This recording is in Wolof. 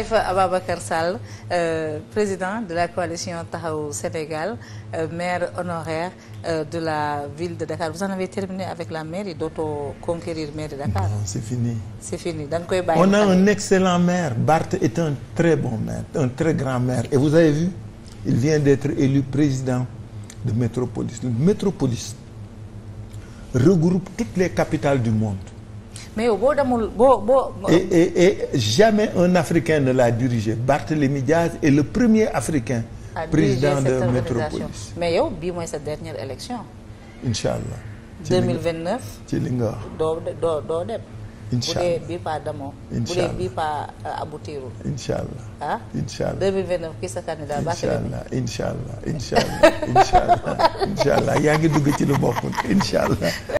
Khalifa Ababacar Sall euh, président de la coalition Taxawu Sénégal euh, maire honoraire euh, de la ville de Dakar vous avez terminé avec la mairie dootoo conquérir maire de Dakar. c'est fini. c'est fini koy bàyyi. on a un excellent maire Barth est un très bon maire un très grand maire et vous avez vu il vient d'être élu président de Métropolis le Métropolis regroupe toutes les capitales du monde. mais yow boo demul boo boo. et et et jamais un Africain ne l'a dirigé Barthélémy Diaz est le premier Africain. président de métropolis mais yow bii mooy sa dernière élection. incha allah. ci 2029 ci li nga wax doo doo doo dem. incha allah bu dee bii pas demoo. incha allah bu dee bii pas euh, aboutirul. incha allah ah. incha allah 2029 kii sa candidat baax na. incha allah incha allah incha allah incha allah yaa ngi dugg ci lu bokkul incha allah.